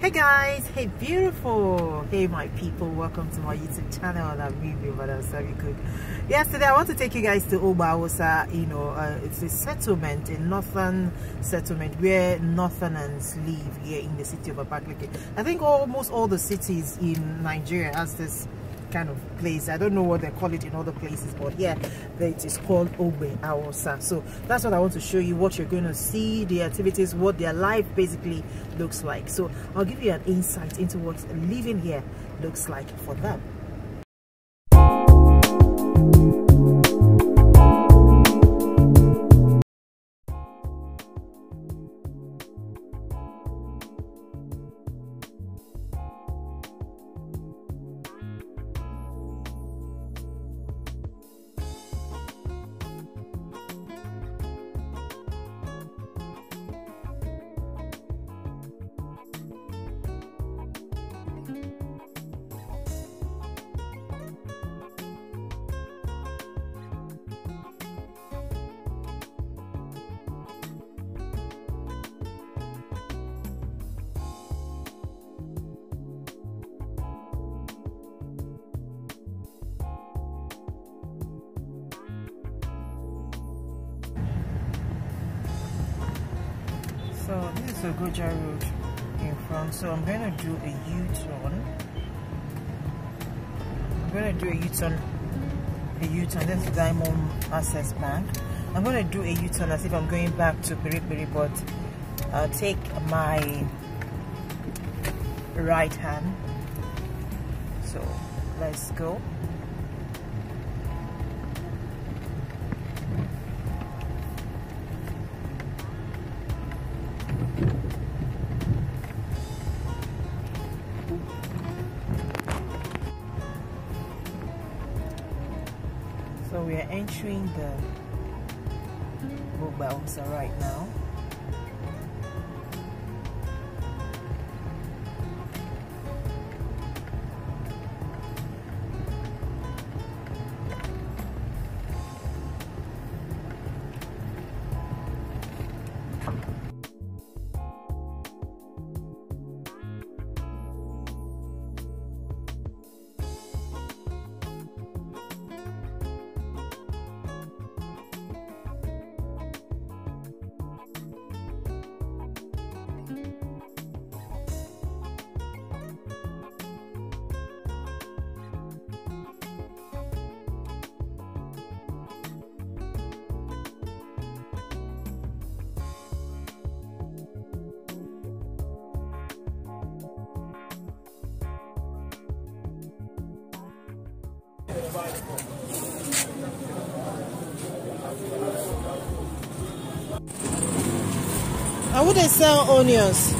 hey guys hey beautiful hey my people welcome to my youtube channel i'm really I'm Sabi Cook yesterday I want to take you guys to Obawosa you know uh, it's a settlement a northern settlement where northerners live here in the city of Abakaliki I think almost all the cities in Nigeria has this kind of place. I don't know what they call it in other places, but here yeah, it is called Ogbe Aosa. So that's what I want to show you, what you're going to see, the activities, what their life basically looks like. So I'll give you an insight into what living here looks like for them. so this is a Ogoja Road in front so I'm going to do a U-turn I'm going to do a U-turn a U-turn this is Diamond Access Bank I'm going to do a U-turn as if I'm going back to Periperi but I'll take my right hand so let's go So we are entering the Mobile right now. I would they sell onions?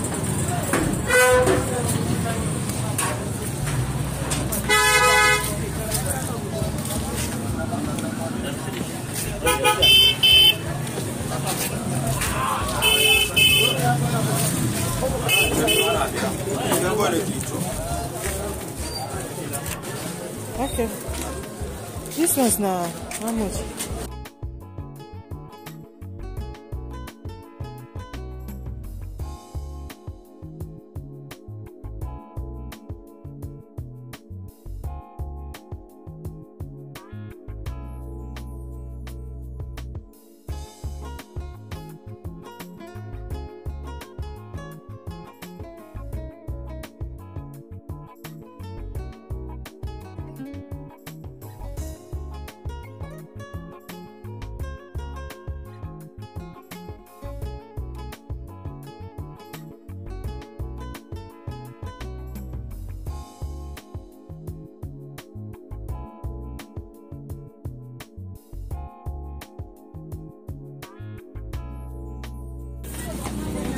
связана? Мамуть.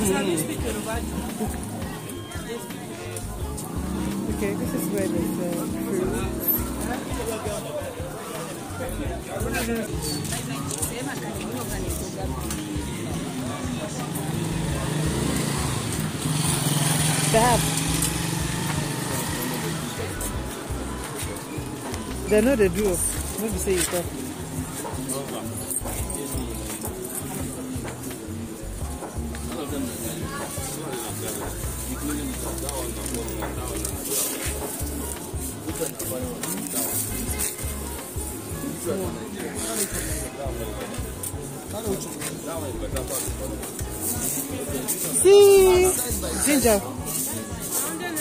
Okay, this is where they the fruit. Dab. They're not a duo. Maybe say it's See ginger.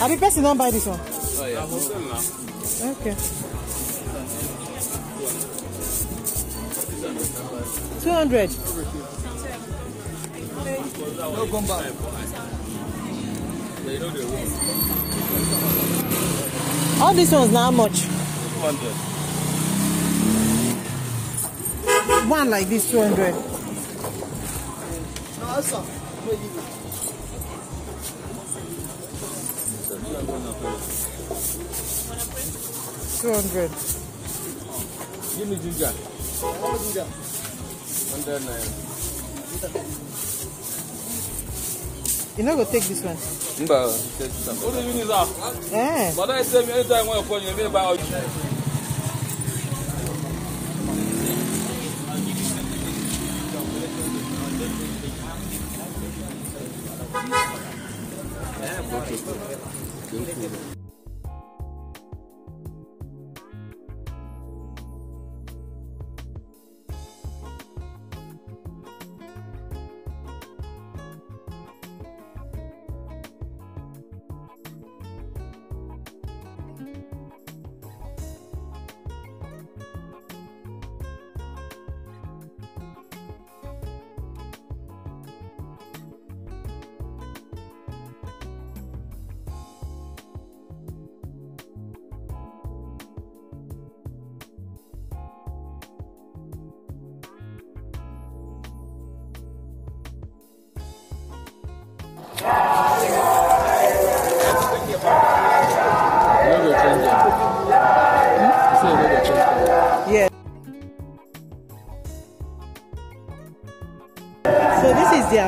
Are the person don't buy this one? Oh, yeah. Okay. Two hundred. No come back you know All these ones not much? One like this 200. No, Two hundred. Give me ginger. Ginger. hundred nine. You no go take this one. No, take this one. What do you need that? Ah? Eh. But I say me anytime when you phone you may buy all. Thank you. Eh,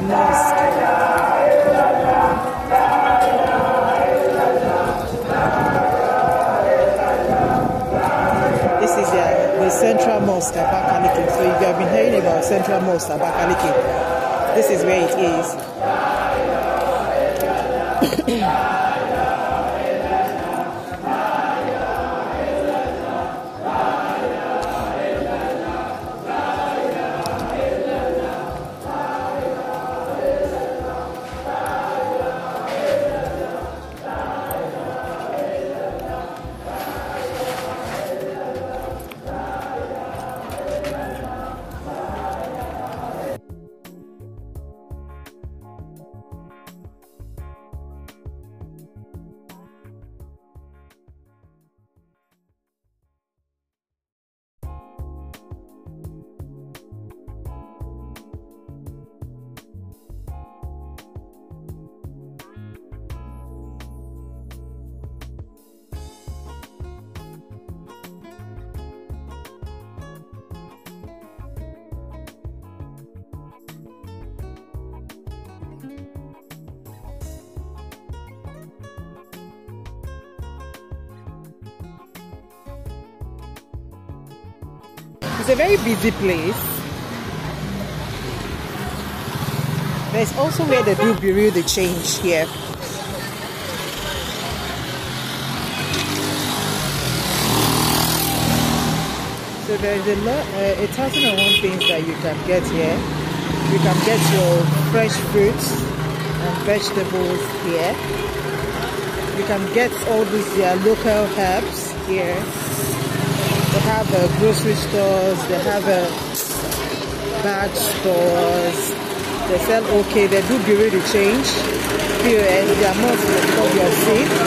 their mosque. This is the, uh, the central mosque Bakaliki. So if you have been hearing about central mosque Bakaliki, this is where it is. It's a very busy place. There's also where they do bureau the change here. So there's a lot, uh, a thousand and one things that you can get here. You can get your fresh fruits and vegetables here. You can get all these uh, local herbs here. They have uh, grocery stores, they have uh, bag stores, they sell okay, they do be ready to change. Here, and they are mostly popular.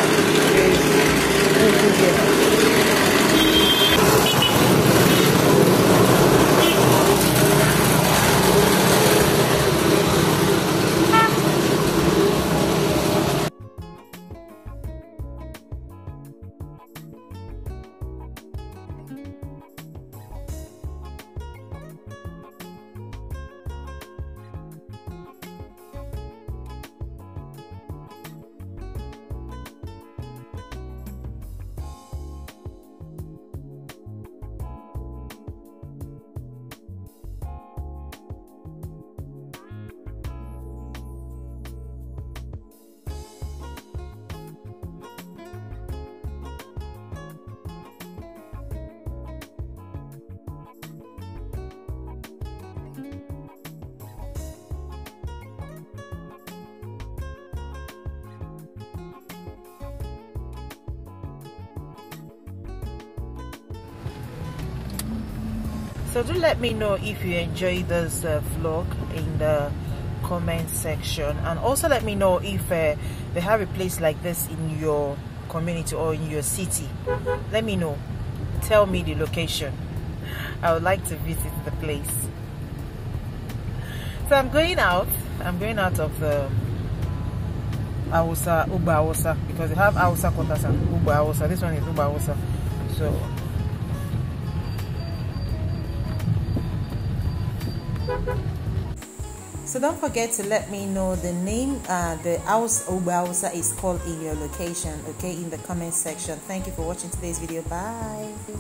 so do let me know if you enjoy this uh, vlog in the comment section and also let me know if uh, they have a place like this in your community or in your city let me know tell me the location I would like to visit the place so I'm going out I'm going out of the um, Awusa, Uba Awusa because they have Awusa quarters Uba Awusa this one is Uba Awusa so So don't forget to let me know the name, uh, the house Obausa oh, is called in your location, okay, in the comment section. Thank you for watching today's video. Bye.